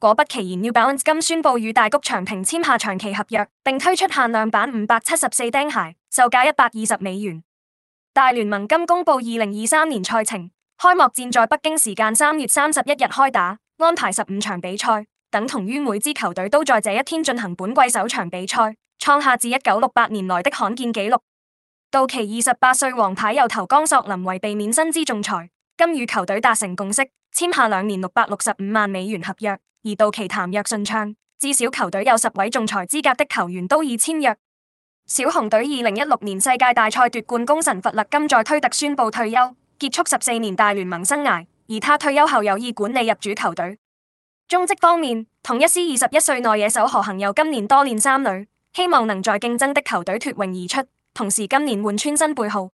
果不其然，New Balance 今宣佈與大谷翔平簽下長期合約，並推出限量版五百七十四釘鞋，售價一百二十美元。大聯盟今公布二零二三年賽程，開幕戰在北京時間三月三十一日開打，安排十五場比賽，等同於每支球隊都在這一天進行本季首場比賽，創下自一九六八年來的罕見紀錄。到期二十八歲王牌右投江索林為避免薪資仲裁，今與球隊達成共識。簽下兩年六百六十五萬美元合約，而到期談約順暢，至少球隊有十位仲裁資格的球員都已簽約。小熊隊二零一六年世界大賽奪冠功臣弗勒金在推特宣布退休，結束十四年大聯盟生涯，而他退休後有意管理入主球隊。中職方面，統一獅二十一歲內野手何幸佑今年多練三壘，希望能在競爭的球隊脫穎而出，同時今年換穿新背號。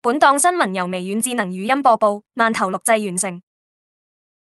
本檔新聞由微軟智能語音播報，慢投錄製完成。